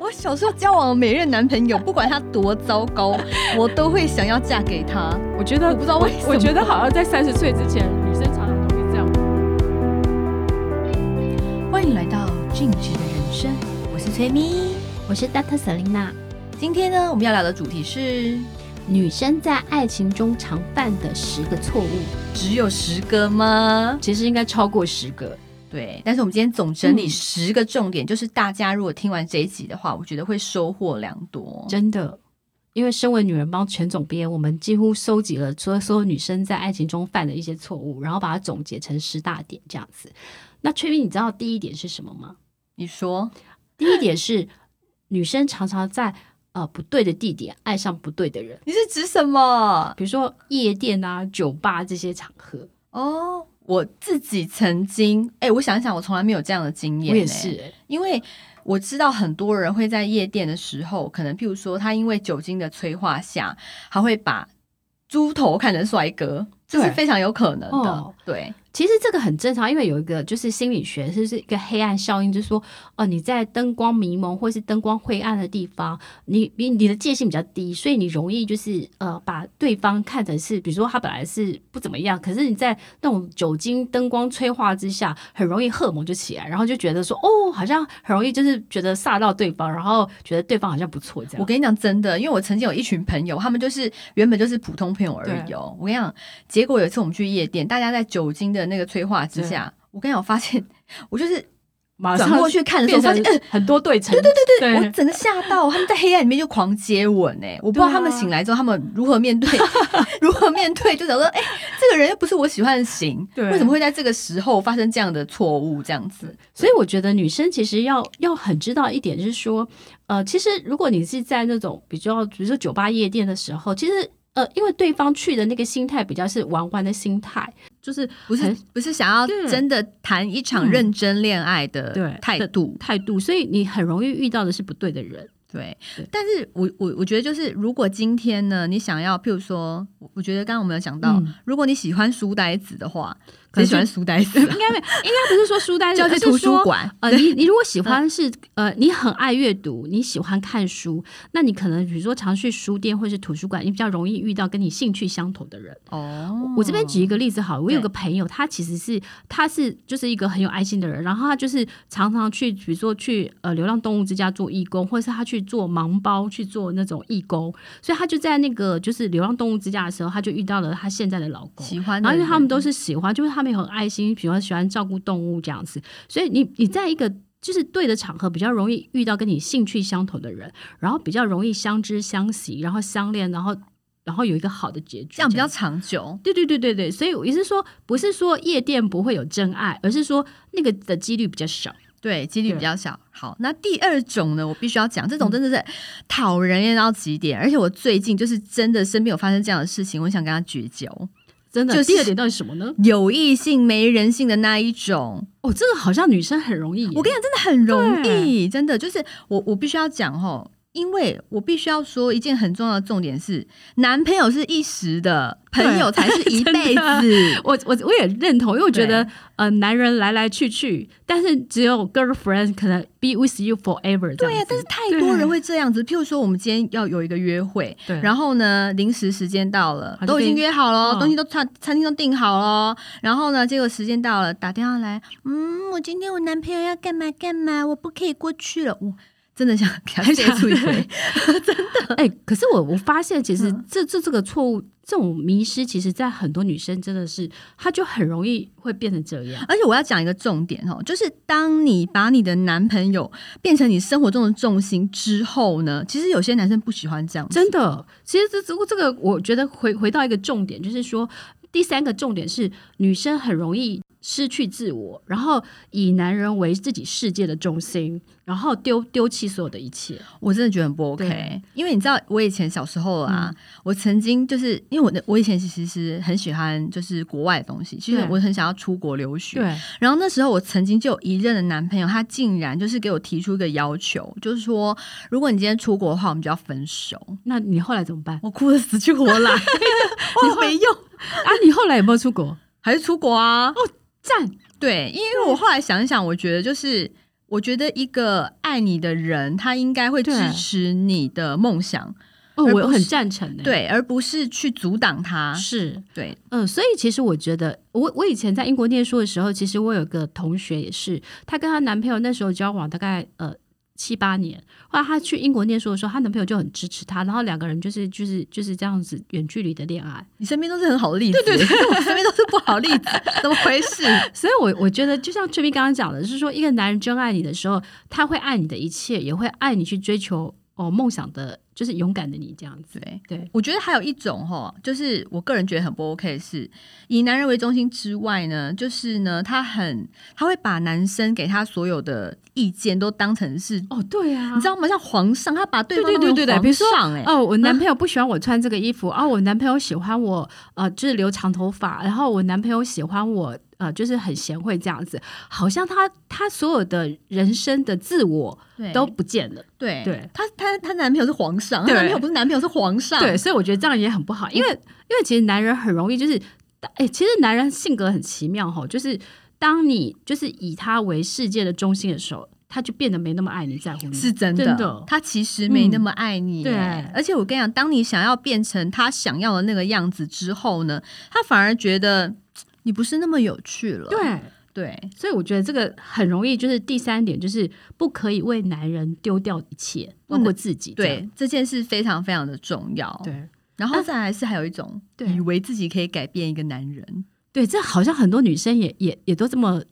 我小時候交往的每任男朋友，不管他多糟糕， 我都會想要嫁給他。 我覺得我不知道為什麼，我，我覺得好像在三十歲之前，女生常常都會這樣。歡迎來到《靜姐的人生》，我是崔咪，我是 Dr. Selena。今天呢，我們要聊的主題是女生在愛情中常犯的十個錯誤。只有十個嗎？其實應該超過十個。對，但是我們今天總整理十個重點，嗯，就是大家如果聽完這一集的話，我覺得會收穫良多，真的。因為身為女人幫全總編，我們幾乎收集了所有所有女生在愛情中犯的一些錯誤，然後把它總結成十大點這樣子。那崔咪，你知道第一點是什麼嗎？你說，第一點是 女生常常在呃不對的地點愛上不對的人。你是指什麼？比如說夜店啊、酒吧這些場合哦。我自己曾經，哎、欸，我想一想，我從來沒有這樣的經驗、欸。我也是、欸，因為我知道很多人會在夜店的時候，可能譬如說，他因為酒精的催化下，他會把豬頭看成帥哥，這、就是非常有可能的。哦、對。其實這個很正常，因為有一個就是心理學，就是，是一個黑暗效應，就是說，哦、呃，你在燈光迷濛或是燈光灰暗的地方，你你的戒心比較低，所以你容易就是呃把對方看成是，比如說他本來是不怎麼樣，可是你在那種酒精燈光催化之下，很容易荷爾蒙就起來，然後就覺得說，哦，好像很容易就是覺得煞到對方，然後覺得對方好像不錯這樣。我跟你講真的，因為我曾經有一群朋友，他們就是原本就是普通朋友而已哦。我跟你講，結果有一次我們去夜店，大家在酒精的的那個催化之下，我剛才我發現，我就是轉過去看的時候，發現很多對稱、欸，對對對對，對，對，對，我整個嚇到，他們在黑暗裡面就狂接吻呢，我不知道他們醒來之後他們如何面對， 如何面對，就想說，哎、欸，這個人又不是我喜歡的型，對，為什麼會在這個時候發生這樣的錯誤這樣子？所以我覺得女生其實要要很知道一點，就是說，呃，其實如果你是在那種比較，比如說酒吧夜店的時候，其實。呃，因為對方去的那個心態比較是玩玩的心態，就是不是不是想要真的談一場認真戀愛的態度態、嗯、度，所以你很容易遇到的是不對的人。對，對但是我我我覺得就是，如果今天呢，你想要，譬如說，我覺得剛剛我們有講到、嗯，如果你喜歡書呆子的話。很喜歡書呆子，應該沒，應該應該不是說書呆子， 就是圖書館，而是說， 呃，你你如果喜歡是，呃，你很愛閱讀，你喜歡看書，那你可能比如說常去書店或者是圖書館，你比較容易遇到跟你興趣相投的人。哦，我這邊舉一個例子好了，我有個朋友，他其實是他是就是一個很有愛心的人，然後他就是常常去，比如說去呃流浪動物之家做義工，或是他去做盲包去做那種義工，所以他就在那個就是流浪動物之家的時候，他就遇到了他現在的老公，喜歡，然後因為他們都是喜歡，就是他。他們很愛心，比如說喜歡照顧動物這樣子，所以你你在一個就是對的場合，比較容易遇到跟你興趣相投的人，然後比較容易相知相惜，然後相戀，然後然後有一個好的結局這，這樣比較長久。對對對對對，所以我意思是說，不是說夜店不會有真愛，而是說那個的幾率比較少。對，幾率比較小。好，那第二種呢，我必須要講，這種真的是討人厭到極點，嗯，而且我最近就是真的身邊有發生這樣的事情，我想跟他絕交。真的，就是、第二點到底什麼呢？有異性沒人性的那一種哦，這個好像女生很容易。我跟你講，真的很容易，真的就是我我必須要講吼。因為我必須要說一件很重要的重點是，男朋友是一時的，朋友才是一輩子。啊、我我我也認同，因為我覺得呃，男人來來去去，但是只有 girlfriends 可能 be with you forever 對、啊。對呀，但是太多人會這樣子。譬如說，我們今天要有一個約會，對。然後呢，臨時時間到了，都已經約好了、哦，東西都餐餐廳都訂好了。然後呢，這個時間到了，打電話來，嗯，我今天我男朋友要幹嘛幹嘛，我不可以過去了。哦真的想感謝蘇對，真的。哎、欸，可是我我發現，其實這、嗯、這這個錯誤，這種迷失，其實在很多女生真的是，她就很容易會變成這樣。而且我要講一個重點哦，就是當你把你的男朋友變成你生活中的重心之後呢，其實有些男生不喜歡這樣。真的，其實這這這個，我覺得回回到一個重點，就是說第三個重點是女生很容易。失去自我，然後以男人為自己世界的中心，然後丟丟棄所有的一切，我真的覺得很不 OK。因為你知道，我以前小時候啊，嗯、我曾經就是因為我的，我以前其實是很喜歡就是國外的東西，其實我很想要出國留學，對。對。然後那時候我曾經就有一任的男朋友，他竟然就是給我提出一個要求，就是說，如果你今天出國的話，我們就要分手。那你後來怎麼辦？我哭得死去活來， 你沒用啊！你後來有沒有出國？ 還是出國啊？哦讚，對，因為我後來想想，我覺得就是，我覺得一個愛你的人，他應該會支持你的夢想，哦、我很贊成的，對，而不是去阻擋他，是對，嗯、呃，所以其實我覺得，我我以前在英國念書的時候，其實我有個同學也是，她跟她男朋友那時候交往，大概呃。七八年，後來她去英國念書的時候，她男朋友就很支持她，然後兩個人就是就是就是這樣子遠距離的戀愛。你身邊都是很好的例子， 對，對對，我身邊都是不好例子， 怎麼回事？所以我，我我覺得就像崔咪剛剛講的，是說一個男人真愛你的時候，他會愛你的一切，也會愛你去追求。哦，夢想的就是勇敢的你這樣子。對，對，我覺得還有一種就是我個人覺得很不 OK 的是以男人為中心之外呢，就是呢，他很他會把男生給他所有的意見都當成是哦，對啊，你知道嗎？像皇上，他把對對對對對、對、對、對、對、對、對，比如說、欸、哦，我男朋友不喜歡我穿這個衣服，啊、哦，我男朋友喜歡我，呃、就是留長頭髮，然後我男朋友喜歡我。啊、呃，就是很賢惠這樣子，好像她她所有的人生的自我都不見了。對，對，她她她男朋友是皇上，他男朋友不是男朋友是皇上。對，所以我覺得這樣也很不好，因為因為其實男人很容易就是，哎、欸，其實男人性格很奇妙哦。就是當你就是以他為世界的中心的時候，他就變得沒那麼愛你在乎你，是真的。真的他其實沒那麼愛你，嗯。對，而且我跟你講，當你想要變成他想要的那個樣子之後呢，他反而覺得。你不是那麼有趣了，對對，所以我覺得這個很容易，就是第三點，就是不可以為男人丟掉一切，問過自己，對這件事非常非常的重要，對。然後再來是還有一種、啊對，以為自己可以改變一個男人，對，這好像很多女生也也也都這麼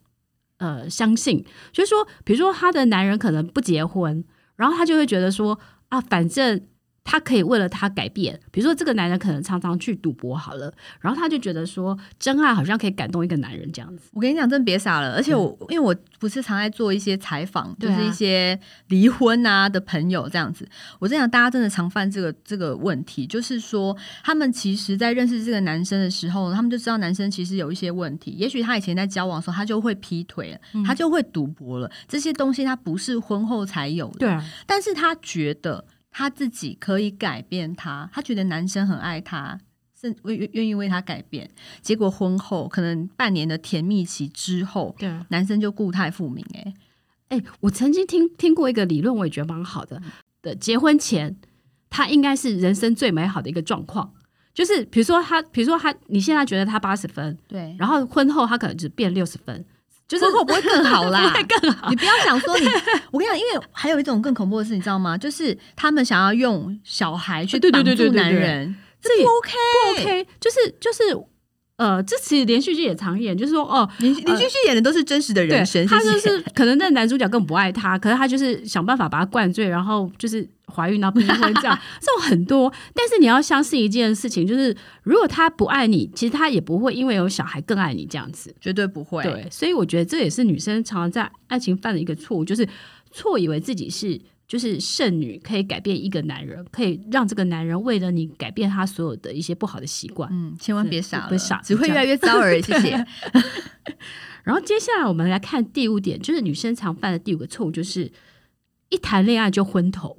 呃相信，就是說，比如說她的男人可能不結婚，然後她就會覺得說啊，反正。他可以為了他改變，比如說這個男人可能常常去賭博好了，然後他就覺得說真愛好像可以感動一個男人這樣子。我跟你講，真的別傻了。而且我、嗯、因為我不是常在做一些採訪，就是一些離婚啊的朋友這樣子。啊、我在想大家真的常犯這個這個問題，就是說他們其實，在認識這個男生的時候，他們就知道男生其實有一些問題。也許他以前在交往的時候，他就會劈腿了、嗯，他就會賭博了，這些東西他不是婚後才有的。對、啊，但是他覺得。他自己可以改變他，他覺得男生很愛他，甚至願意為他改變。結果婚後可能半年的甜蜜期之後，男生就故態復萌。我曾經聽聽過一個理論，我也覺得蠻好的。嗯。結婚前，他應該是人生最美好的一個狀況，就是比如說他，比如說他，你現在覺得他八十分，對，然後婚後他可能就變六十分。就是會不會更好啦 更好？你不要想說你，我跟你講，因為還有一種更恐怖的事，你知道嗎？就是他們想要用小孩去綁住男人，對對對對對對對，這不 OK 不 OK，就是就是。呃，這其實連續劇也常演，就是說，哦、呃，連連續劇演的都是真實的人生、呃謝謝，他就是可能那男主角更不愛他，可是他就是想辦法把他灌醉，然後就是懷孕到不能婚這樣，這 種很多。但是你要相信一件事情，就是如果他不愛你，其實他也不會因為有小孩更愛你這樣子，絕對不會。對，所以我覺得這也是女生常常在愛情犯的一個錯誤，就是錯以為自己是。就是剩女可以改變一個男人，可以讓這個男人為了你改變他所有的一些不好的習慣。嗯，千萬別傻了，別傻，只會越來越糟而已。 謝謝。然後接下來我們來看第五點，就是女生常犯的第五個錯誤，就是一談戀愛就昏頭。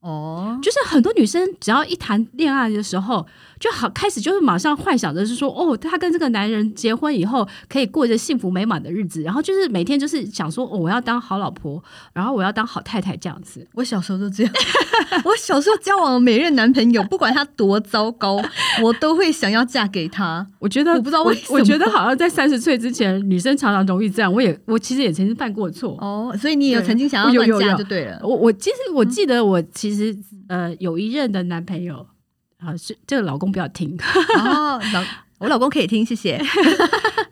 哦，就是很多女生只要一談戀愛的時候。就好，開始就是馬上幻想着是說，哦，他跟這個男人結婚以後可以過着幸福美滿的日子，然後就是每天就是想說，哦，我要當好老婆，然後我要當好太太這樣子。我小時候都這樣， 我小時候交往的每任男朋友，不管他多糟糕， 我都會想要嫁給他。我覺得我不知道為什麼，我覺得好像在三十歲之前，女生常常容易這樣。我也我其實也曾經犯過錯哦，所以你也有曾經想要亂嫁就對了。對，有有有有，我我其實我記得我其實呃有一任的男朋友。啊，是這個老公不要聽，哦，然後我老公可以聽，謝謝。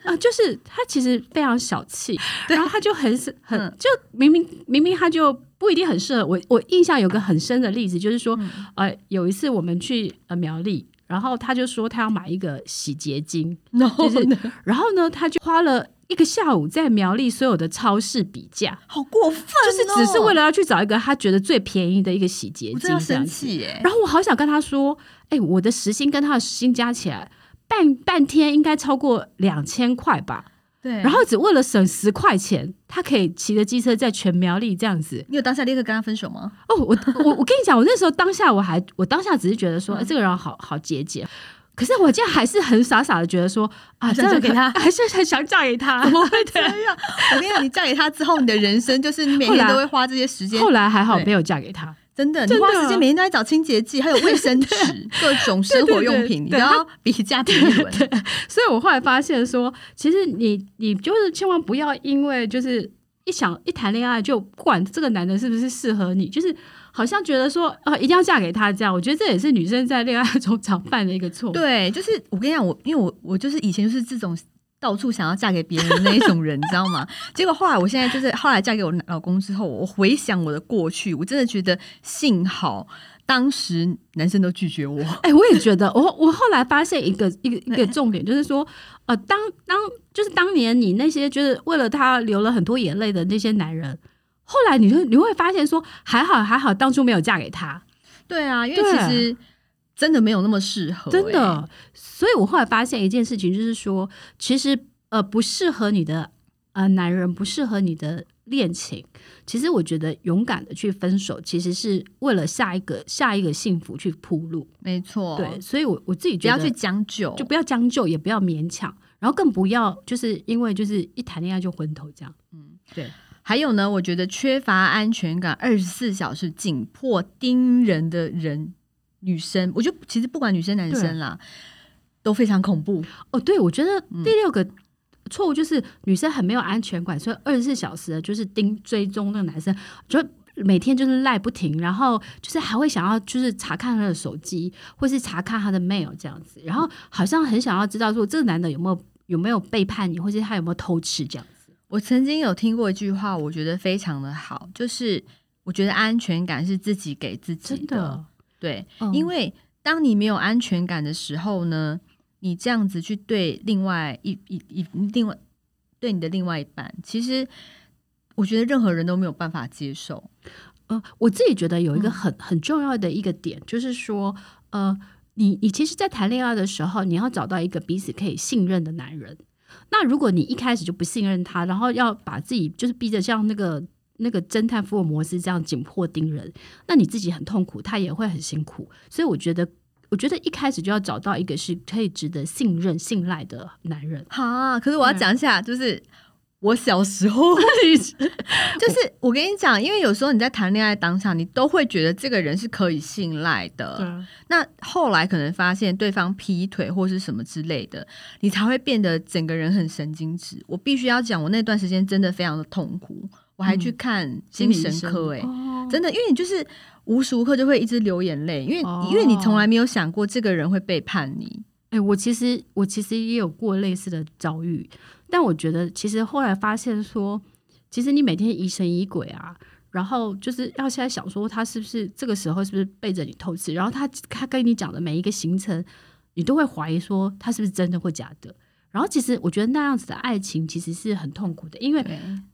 啊， 就是他其實非常小氣，對，然後他就很很就明明明明他就不一定很適合我。我印象有個很深的例子，就是說，嗯、呃，有一次我們去呃苗栗，然後他就說他要買一個洗潔精，然後呢、就是，然後呢，他就花了一個下午在苗栗所有的超市比價，好過分，哦，就是只是為了要去找一個他覺得最便宜的一個洗潔精，這樣神奇耶，這樣子，然後我好想跟他說。哎，我的時薪跟他的時薪加起來半半天應該超過兩千塊吧？對。然後只為了省十塊錢，他可以騎着機車在全苗栗這樣子。你有當下立刻跟他分手嗎？哦，我我我跟你講，我那時候當下我還我當下只是覺得說，誒、嗯，這個人好好節儉。可是我竟然還是很傻傻的覺得說，啊，這樣給他、啊，還是很想嫁給他？ 怎麼會這樣？ 我跟你講，你嫁給他之後，你的人生就是你每天都會花這些時間。後來，後來還好沒有嫁給他。真的，你花時間每天都在找清潔劑，哦、還有衛生紙，對對對，各種生活用品，對對對對，你都要比價。便所以我後來發現說，其實你你就是千萬不要因為就是一想一談戀愛就不管這個男的是不是適合你，就是好像覺得說啊、呃、一定要嫁給他這樣。我覺得這也是女生在戀愛中常犯的一個錯。對，就是我跟你講，我因為我我就是以前就是這種。到處想要嫁給別人的那一種人， 你知道嗎？結果後來，我現在就是後來嫁給我老公之後，我回想我的過去，我真的覺得幸好當時男生都拒絕我。哎、欸，我也覺得，我我後來發現一個一個一個重點，就是說，呃，當當就是當年你那些就是為了他流了很多眼淚的那些男人，後來你就你會發現說，還好還好，當初沒有嫁給他。對啊，因為其實。真的沒有那麼適合，欸，真的。所以我後來發現一件事情，就是說，其實呃，不適合你的呃男人，不適合你的戀情。其實我覺得，勇敢的去分手，其實是為了下一個下一個幸福去鋪路。沒錯，對。所以我我自己覺得不要去將就，就不要將就，也不要勉強，然後更不要就是因為就是一談戀愛就昏頭這樣。嗯，對。還有呢，我覺得缺乏安全感，二十四小時緊迫盯人的人。女生，我就其實不管女生男生啦，都非常恐怖哦。對，我覺得第六個錯誤就是女生很沒有安全感，嗯，所以二十四小時就是盯追，追蹤那個男生，就每天就是賴不停，然後就是還會想要就是查看他的手機，或是查看他的 mail 這樣子，然後好像很想要知道說這個男的有沒有有沒有背叛你，或是他有沒有偷吃這樣子。我曾經有聽過一句話，我覺得非常的好，就是我覺得安全感是自己給自己的。對、嗯，因為當你沒有安全感的時候呢，你這樣子去對另外一一一另外對你的另外一半，其實我覺得任何人都沒有辦法接受。呃，我自己覺得有一個很、嗯、很重要的一個點，就是說，呃，你你其實，在談戀愛的時候，你要找到一個彼此可以信任的男人。那如果你一開始就不信任他，然後要把自己就是逼着像那個。那個偵探福爾摩斯這樣緊迫盯人，那你自己很痛苦，他也會很辛苦。所以我覺得，我覺得一開始就要找到一個是可以值得信任、信賴的男人。好、啊，可是我要講一下，嗯、就是我小時候， 就是我跟你講，因為有時候你在談戀愛當下，你都會覺得這個人是可以信賴的、嗯。那後來可能發現對方劈腿或是什麼之類的，你才會變得整個人很神經質。我必須要講，我那段時間真的非常的痛苦。我還去看精神科誒、欸，嗯、心理醫生 oh. 真的，因為你就是無時無刻就會一直流眼淚，因為、oh. 因為你從來沒有想過這個人會背叛你。哎、欸，我其實我其實也有過類似的遭遇，但我覺得其實後來發現說，其實你每天疑神疑鬼啊，然後就是要現在想說他是不是這個時候是不是背着你偷吃，然後他他跟你講的每一個行程，你都會懷疑說他是不是真的或假的。然後其實我覺得那樣子的愛情其實是很痛苦的，因為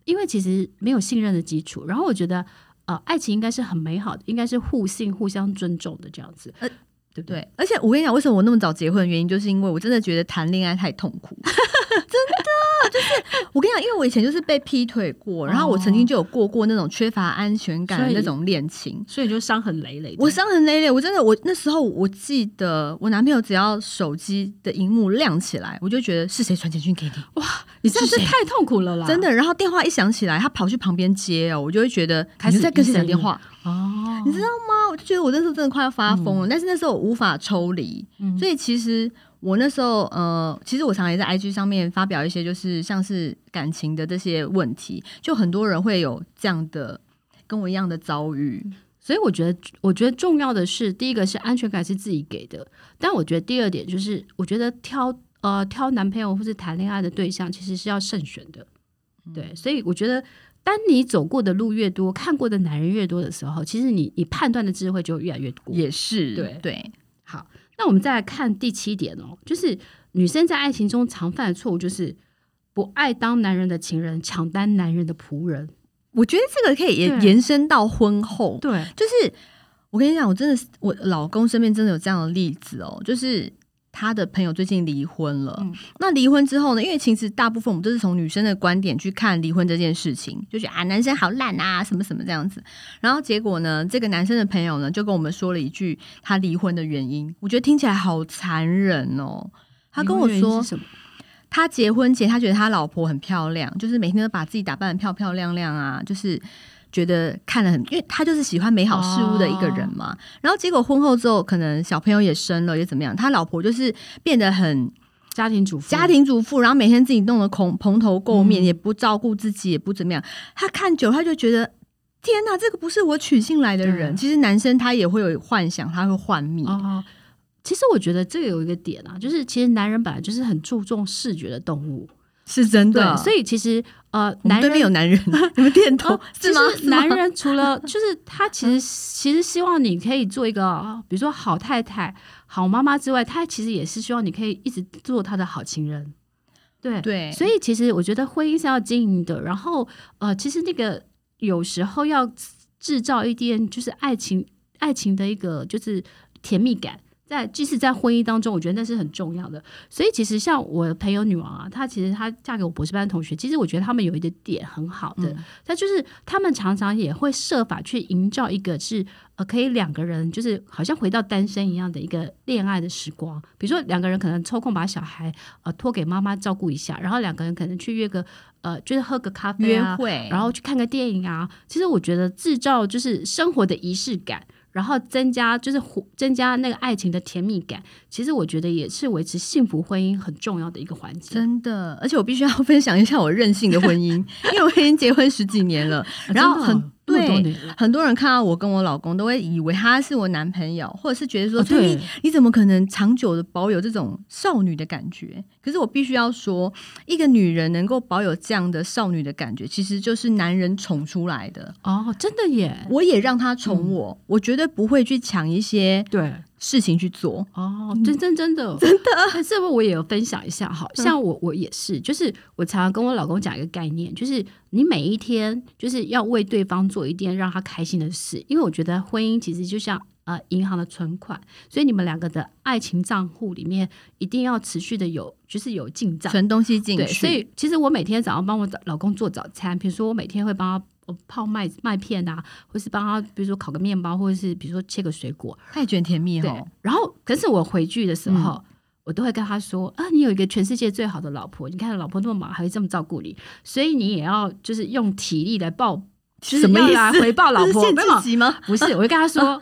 因為其實沒有信任的基礎。然後我覺得，呃，愛情應該是很美好的，應該是互信、互相尊重的這樣子，呃，對不對？對，而且我跟你講，為什麼我那麼早結婚的原因，就是因為我真的覺得談戀愛太痛苦， 真的 就是。我跟你講，因為我以前就是被劈腿過，然後我曾經就有過過那種缺乏安全感的那種戀情，所以，所以就傷痕累累。我傷痕累累，我真的，我那時候我記得，我男朋友只要手機的熒幕亮起來，我就覺得是誰傳簡訊給你？哇，你真的是這樣太痛苦了啦！真的，然後電話一響起來，他跑去旁邊接哦，我就會覺得還是你在跟誰打電話哦？你知道嗎？我就覺得我那時候真的快要發瘋了，嗯，但是那時候我無法抽離，嗯，所以其實。我那時候，呃，其實我常常在 IG 上面發表一些，就是像是感情的這些問題，就很多人會有這樣的跟我一樣的遭遇。所以我覺得，我覺得重要的是，第一個是安全感是自己給的，但我覺得第二點就是，我覺得挑呃挑男朋友或是談戀愛的對象，其實是要慎選的，對。嗯。所以我覺得，當你走過的路越多，看過的男人越多的時候，其實你你判斷的智慧就越來越多。也是，對。對那我們再來看第七點哦，就是女生在愛情中常犯的錯誤，就是不愛當男人的情人，搶當男人的僕人。我覺得這個可以延延伸到婚後，對，就是我跟你講，我真的我老公身邊真的有這樣的例子哦，就是。他的朋友最近離婚了，嗯、那離婚之後呢？因為其實大部分我們都是從女生的觀點去看離婚這件事情，就覺得啊，男生好爛啊，什麼什麼這樣子。然後結果呢，這個男生的朋友呢，就跟我們說了一句他離婚的原因，我覺得聽起來好殘忍哦。他跟我說他結婚前他覺得他老婆很漂亮，就是每天都把自己打扮得漂漂亮亮啊，就是。覺得看了很，因為他就是喜歡美好事物的一個人嘛。Oh. 然後結果婚後之後，可能小朋友也生了，也怎麼樣。他老婆就是變得很家庭主婦，家庭主婦，然後每天自己弄得蓬蓬頭垢面、嗯，也不照顧自己，也不怎麼樣。他看久了，他就覺得天哪，這個不是我娶進來的人。其實男生他也會有幻想，他會幻滅。Oh. 其實我覺得這個有一個點啊，就是其實男人本來就是很注重視覺的動物。是真的，所以其實呃，對面有男人，有點痛，是嗎？男人除了就是他，其實 其實希望你可以做一個，比如說好太太、好媽媽之外，他其實也是希望你可以一直做他的好情人。對對，所以其實我覺得婚姻是要經營的，然後呃，其實那個有時候要製造一點，就是愛情愛情的一個就是甜蜜感。在即使在婚姻當中，我覺得那是很重要的。所以其實像我的朋友女王啊，她其實她嫁給我博士班的同學，其實我覺得他們有一個點很好的，那、嗯、就是他們常常也會設法去營造一個是呃可以兩個人就是好像回到單身一樣的一個戀愛的時光。比如說兩個人可能抽空把小孩呃托給媽媽照顧一下，然後兩個人可能去約個呃就是喝個咖啡、啊、約會，然後去看個電影啊。其實我覺得製造就是生活的儀式感。然後增加，就是增加那個愛情的甜蜜感，其實我覺得也是維持幸福婚姻很重要的一個環節。真的，而且我必須要分享一下我任性的婚姻， 因為我已經結婚十幾年了，啊、然後很。對很，很多人看到我跟我老公，都會以為他是我男朋友，或者是覺得說，說、哦，對，你怎麼可能長久的保有這種少女的感覺？可是我必須要說，一個女人能夠保有這樣的少女的感覺，其實就是男人寵出來的哦，真的耶！我也讓他寵我，嗯、我絕對不會去搶一些對。事情去做哦、嗯，真真真的真的，這不我也有分享一下，好像我我也是，就是我常常跟我老公講一個概念，就是你每一天就是要為對方做一點讓他開心的事，因為我覺得婚姻其實就像呃銀行的存款，所以你們兩個的愛情賬戶裡面一定要持續的有就是有進賬存東西進去。所以其實我每天早上幫我老公做早餐，比如說我每天會幫他。我泡麥麥片啊，或是幫他，比如說烤個麵包，或者是比如說切個水果，太捲甜蜜哦。然後，可是我回去的時候、嗯，我都會跟他說：啊，你有一個全世界最好的老婆，你看老婆那麼忙，還會這麼照顧你，所以你也要就是用體力來報，什麼呀、啊？來回報老婆？羨慕嗎不？不是，我會跟他說，啊、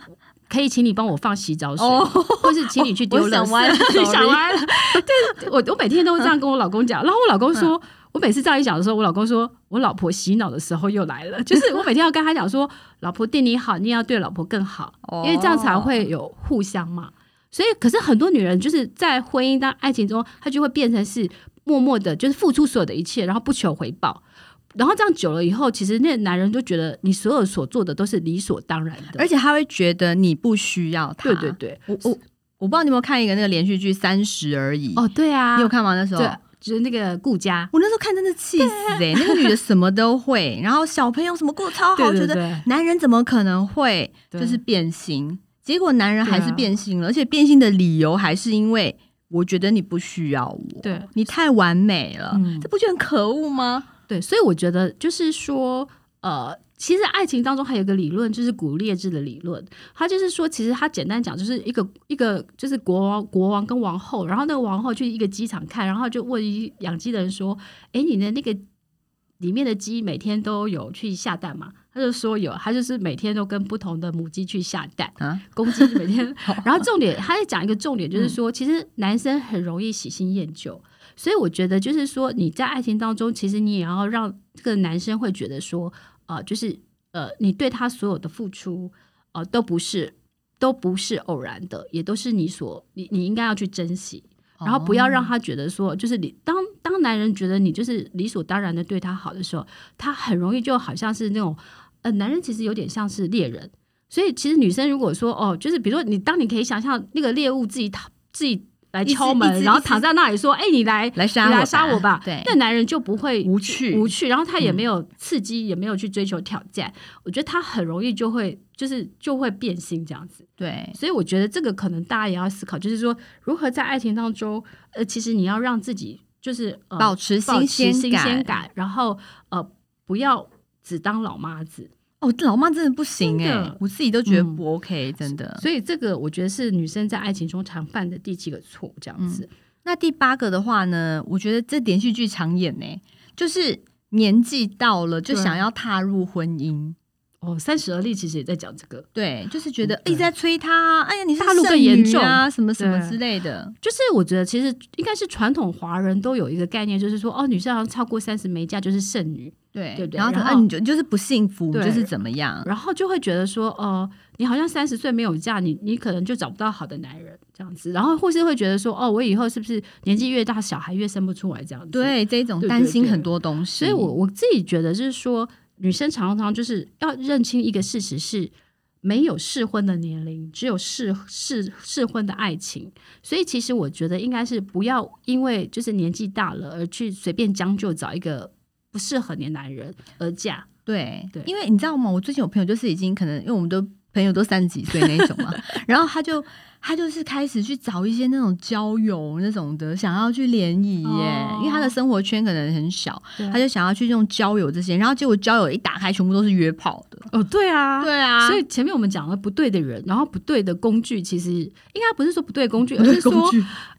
可以請你幫我放洗澡水，哦、或是請你去丟冷、哦、想歪了，是想歪了。 對對我我每天都會這樣跟我老公講、嗯，然後我老公說。嗯我每次這樣講的時候，我老公說：“我老婆洗腦的時候又來了。”就是我每天要跟他講說：“ 老婆對你好，你也要對老婆更好，哦、因為這樣才會有互相嘛。”所以，可是很多女人就是在婚姻當愛情中，她就會變成是默默的，就是付出所有的一切，然後不求回報。然後這樣久了以後，其實那個男人都覺得你所有所做的都是理所當然的，而且他會覺得你不需要他。對對對，我我我不知道你有沒有看一個那個連續劇《三十而已》哦，對啊，你有看嗎，那時候？就是那個顧佳，我那時候看真的氣死誒、欸，那個女的什麼都會， 然後小朋友什麼過得超好對對對，覺得男人怎麼可能會就是變心？結果男人還是變心了，而且變心的理由還是因為我覺得你不需要我，對你太完美了，嗯、這不就很可惡嗎？對，所以我覺得就是說，呃。其實愛情當中還有一個理論，就是古劣質的理論。他就是說，其實他簡單講就是一個一個就是國王國王跟王後，然後那個王后去一個雞場看，然後就問養雞的人說：“哎，你的那個裡面的雞每天都有去下蛋嗎？”他就說有，他就是每天都跟不同的母雞去下蛋，啊、公雞每天。 然後重點他在講一個重點，就是說、嗯、其實男生很容易喜新厭舊，所以我覺得就是說你在愛情當中，其實你也要讓這個男生會覺得說。啊、呃，就是呃，你對他所有的付出，呃，都不是，都不是偶然的，也都是你所，你你應該要去珍惜，然後不要讓他覺得說，哦、就是你當，當男人覺得你就是理所當然的對他好的時候，他很容易就好像是那種呃，男人其實有點像是獵人，所以其實女生如果說哦，就是比如說你當你可以想象那個獵物自己討自己。來敲門，一隻一隻一隻然後躺在那裡說：“哎、欸，你來來殺我，我吧！”對，那男人就不會無趣無趣，然後他也沒有刺激，嗯、也沒有去追求挑戰。我覺得他很容易就會就是就會變心這樣子。對，所以我覺得這個可能大家也要思考，就是說如何在愛情當中，呃，其實你要讓自己就是、呃、保持新鮮感，感，然後呃不要只當老媽子。哦，老媽真的不行誒、欸。我自己都覺得不 OK，嗯、真的。所以這個我覺得是女生在愛情中常犯的第七個錯，這樣子、嗯。那第八個的話呢，我覺得這連續劇常演呢、欸，就是年紀到了就想要踏入婚姻。哦，三十而立其實也在講這個，對，就是覺得一直、欸、在催他、啊。哎呀，你是剩女啊，大陸更嚴重啊，什麼什麼之類的。就是我覺得其實應該是傳統華人都有一個概念，就是說哦，女生好像超過三十沒嫁就是剩女，對，對對對，然後啊，然後然後你就就是不幸福，就是怎麼樣？然後就會覺得說哦、呃，你好像三十歲沒有嫁，你你可能就找不到好的男人這樣子。然後或是會覺得說哦，我以後是不是年紀越大，小孩越生不出來這樣子？對，這種擔心很多東西。對對對對，所以我我自己覺得就是說。女生常常就是要認清一個事實是，沒有適婚的年齡，只有適適適婚的愛情。所以其實我覺得應該是不要因為就是年紀大了而去隨便將就找一個不適合你的男人而嫁。對對，因為你知道嗎？我最近有朋友就是已經可能，因為我們都。朋友都三十幾歲那種嘛， 然後他就他就是開始去找一些那種交友那種的，想要去聯誼耶，哦，因為他的生活圈可能很小，他就想要去用交友這些，然後結果交友一打開，全部都是約炮的。哦，對啊，對啊，所以前面我們講了不對的人，然後不對的工具，其實應該不是說不對，不對工具，而是說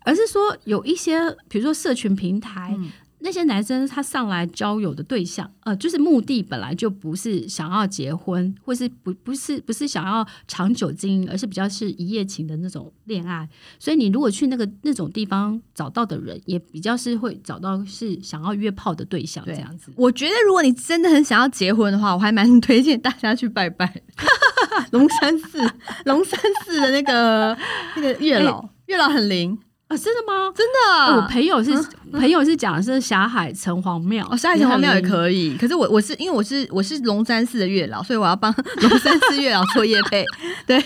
而是說有一些，比如說社群平台。嗯那些男生他上來交友的對象，呃，就是目的本來就不是想要結婚，或是不不是不是想要長久經營，而是比較是一夜情的那種戀愛。所以你如果去那個那種地方找到的人，也比較是會找到是想要約炮的對象，對這樣子。我覺得如果你真的很想要結婚的話，我還蠻推薦大家去拜拜 龍山寺， 龍山寺的那個 那個月老，欸、月老很靈。啊、真的嗎？真的，啊、我朋友是、嗯、朋友是講的是霞海城隍廟，哦、霞海城隍廟也可以。可是我我是因為我是我是龍山寺的月老，所以我要幫龍山寺月老做業配。 對，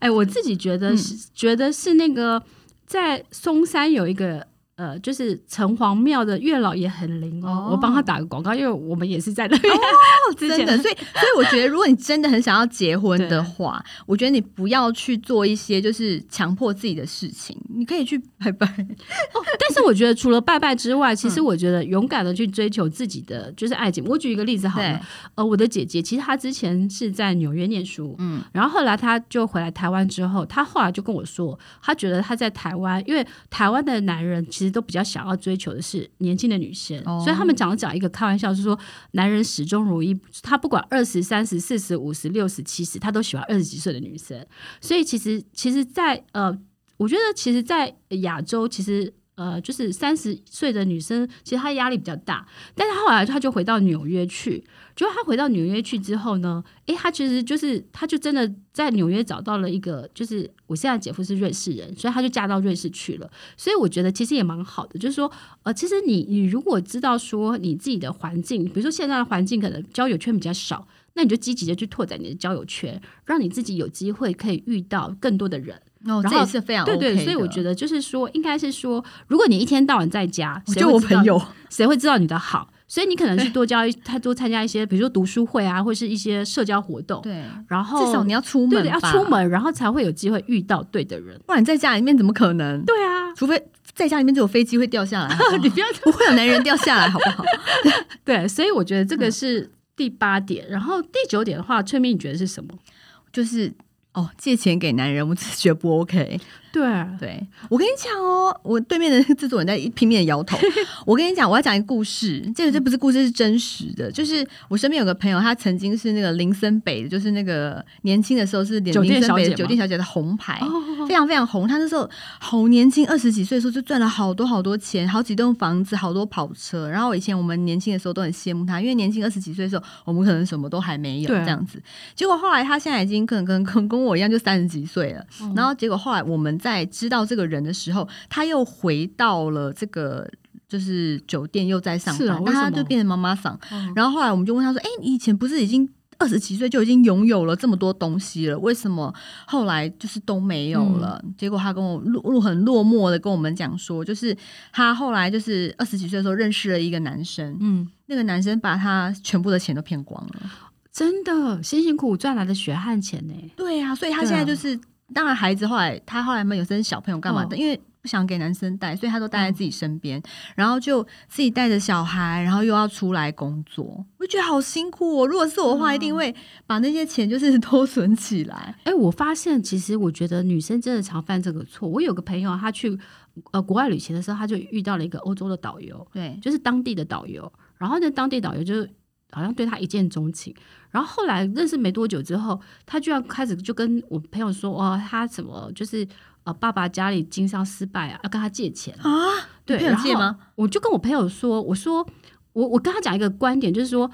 哎、欸，我自己覺得、嗯、覺得是那個在松山有一個呃，就是城隍廟的月老也很靈哦。我幫他打個廣告，因為我們也是在那邊、哦、真的。所以所以我覺得，如果你真的很想要結婚的話，我覺得你不要去做一些就是強迫自己的事情。你可以去拜拜、 哦、但是我覺得除了拜拜之外， 其實我覺得勇敢的去追求自己的就是愛情。嗯、我舉一個例子好了，呃，我的姐姐其實她之前是在紐約念書，嗯，然後後來她就回來台灣之後，她後來就跟我說，她覺得她在台灣，因為台灣的男人其實都比較想要追求的是年輕的女生，哦、所以他們講講一個開玩笑，就是說男人始終如一，他不管二十、三十、四十、五十、六十、七十，他都喜歡二十幾歲的女生。所以其實其實在，在呃。我覺得其實，在亞洲，其實呃，就是三十歲的女生，其實她壓力比較大。但是後來她就回到紐約去。就她回到紐約去之後呢，哎，她其實就是她就真的在紐約找到了一個，就是我現在的姐夫是瑞士人，所以她就嫁到瑞士去了。所以我覺得其實也蠻好的，就是說，呃，其實你你如果知道說你自己的環境，比如說現在的環境可能交友圈比較少，那你就積極的去拓展你的交友圈，讓你自己有機會可以遇到更多的人。哦、然後這也是非常、OK、的對對，所以我覺得就是說，應該是說，如果你一天到晚在家，誰你我就我朋友誰會知道你的好？所以你可能是多交一多參加一些，比如說讀書會啊，或是一些社交活動。對，然後至少你要出門對對，對要出門，然後才會有機會遇到對的人。不然在家裡面怎麼可能？對啊，除非在家裡面就有飛機會掉下來好好， 你不要不會有男人掉下來好不好？ 對，所以我覺得這個是第八點。嗯、然後第九點的話，崔咪你覺得是什麼？就是。哦，借錢給男人，我只覺得不 OK。對對，我跟你講哦，我對面的製作人在一拼命搖頭。 我跟你講，我要講一個故事，這個這不是故事，是真實的。就是我身邊有個朋友，他曾經是那個林森北的，就是那個年輕的時候是林森北的酒店小姐，酒店小姐的紅牌。哦，非常非常紅，他那時候好年輕，二十幾歲的時候就賺了好多好多錢，好幾棟房子，好多跑車。然後以前我們年輕的時候都很羨慕他，因為年輕二十幾歲的時候，我們可能什麼都還沒有這樣子。結果後來他現在已經可能跟可能跟我一樣，就三十幾歲了，嗯。然後結果後來我們在知道這個人的時候，他又回到了這個就是酒店又在上班，後、啊、他就變成媽媽桑，嗯。然後後來我們就問他說：“誒，你以前不是已經？”二十幾歲就已經擁有了這麼多東西了，為什麼後來就是都沒有了？嗯、結果他跟我落落很落寞的跟我們講說，就是他後來就是二十幾歲的時候認識了一個男生，嗯，那個男生把他全部的錢都騙光了，真的辛辛苦苦賺來的血汗錢呢、欸。對啊，所以他現在就是當然孩子後來他後來沒有生小朋友幹嘛的、哦，因為。想給男生帶，所以他都帶在自己身邊、嗯，然後就自己帶着小孩，然後又要出來工作，我覺得好辛苦哦。如果是我的話、嗯，一定會把那些錢就是都存起來。哎、欸，我發現其實我覺得女生真的常犯這個錯。我有個朋友她，他去呃國外旅行的時候，他就遇到了一個歐洲的導遊，對，就是當地的導遊。然後那當地導遊就是好像對他一見鍾情，然後後來認識沒多久之後，他就要開始就跟我朋友說，哇，他、哦、怎麼就是。爸爸家裡經商失敗啊，要跟他借錢啊。對，借嗎？然後我就跟我朋友說，我說我我跟他講一個觀點，就是說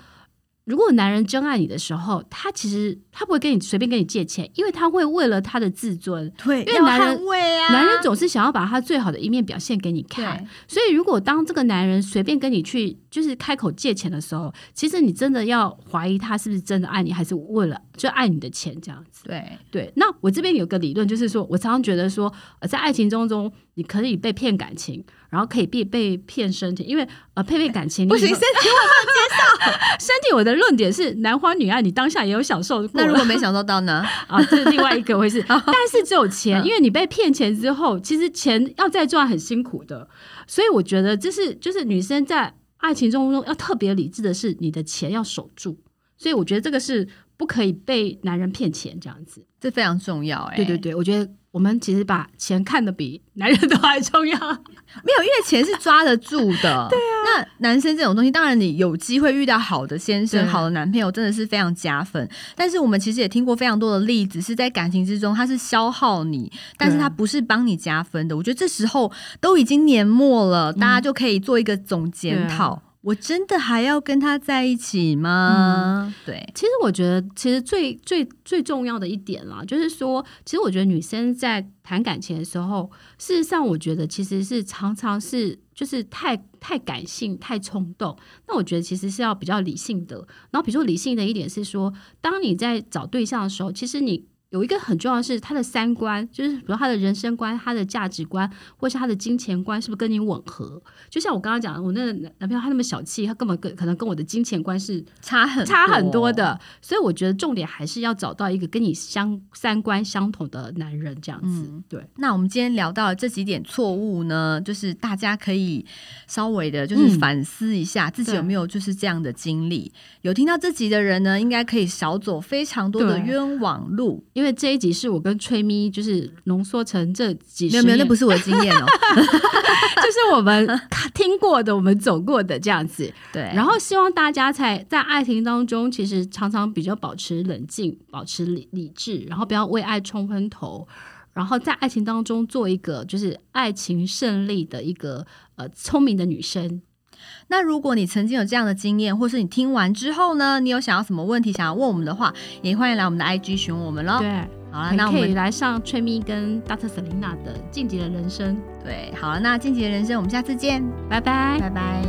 如果男人真愛你的時候，他其實他不會跟你隨便跟你借錢，因為他會為了他的自尊，對，因為男人，要捍衛啊，男人總是想要把他最好的一面表現給你看。所以如果當這個男人隨便跟你去就是開口借錢的時候，嗯，其實你真的要懷疑他是不是真的愛你，還是為了就愛你的錢這樣子。對對，那我這邊有個理論，就是說我常常覺得說，在愛情中中，你可以被騙感情，然後可以被被騙身體，因為呃，被騙感情不行，請我介紹身體， 我，身體我的。論點是男歡女愛，你當下也有享受。那如果沒享受到呢？ 啊，這是另外一個回事。 但是只有錢，因為你被騙錢之後， 其實錢要再賺很辛苦的。所以我覺得，這是就是女生在愛情中中要特別理智的是，你的錢要守住。所以我覺得這個是。不可以被男人騙錢，這樣子，這非常重要欸。哎，對對對，我覺得我們其實把錢看得比男人都還重要， 沒有，因為錢是抓得住的。 對啊，那男生這種東西，當然你有機會遇到好的先生、好的男朋友，真的是非常加分。但是我們其實也聽過非常多的例子，是在感情之中，他是消耗你，但是他不是幫你加分的。我覺得這時候都已經年末了，嗯，大家就可以做一個總檢討。我真的還要跟他在一起嗎？嗯、對，其實我覺得，其實最最最重要的一點啦，就是說，其實我覺得女生在談感情的時候，事實上，我覺得其實是常常是就是太太感性、太衝動。那我覺得其實是要比較理性的。然後，比如說理性的一點是說，當你在找對象的時候，其實你。有一個很重要的是他的三觀，就是比如他的人生觀、他的價值觀，或是他的金錢觀，是不是跟你吻合？就像我剛剛講的，我那個男朋友他那麼小氣，他根本跟可能跟我的金錢觀是差很差很多的。所以我覺得重點還是要找到一個跟你相三觀相同的男人，這樣子，嗯。對。那我們今天聊到這幾點錯誤呢，就是大家可以稍微的，就是反思一下自己有沒有就是這樣的經歷，嗯。有聽到這集的人呢，應該可以少走非常多的冤枉路。因為這一集是我跟崔咪，就是濃縮成這幾十年沒有沒有，那不是我的經驗哦 就是我們聽過的，我們走過的這樣子。對，然後希望大家在在愛情當中，其實常常比較保持冷靜，保持理理智，然後不要為愛沖昏頭，然後在愛情當中做一個就是愛情勝利的一個呃聰明的女生。那如果你曾經有這樣的經驗，或是你聽完之後呢，你有想要什麼問題想要問我們的話，也歡迎來我們的 IG 詢問我們嘍。對，好了，那我們可以來上崔咪跟 Dr. Selena 的《晉級的人生》。對，好了，那《晉級的人生》，我們下次見，拜拜，拜拜。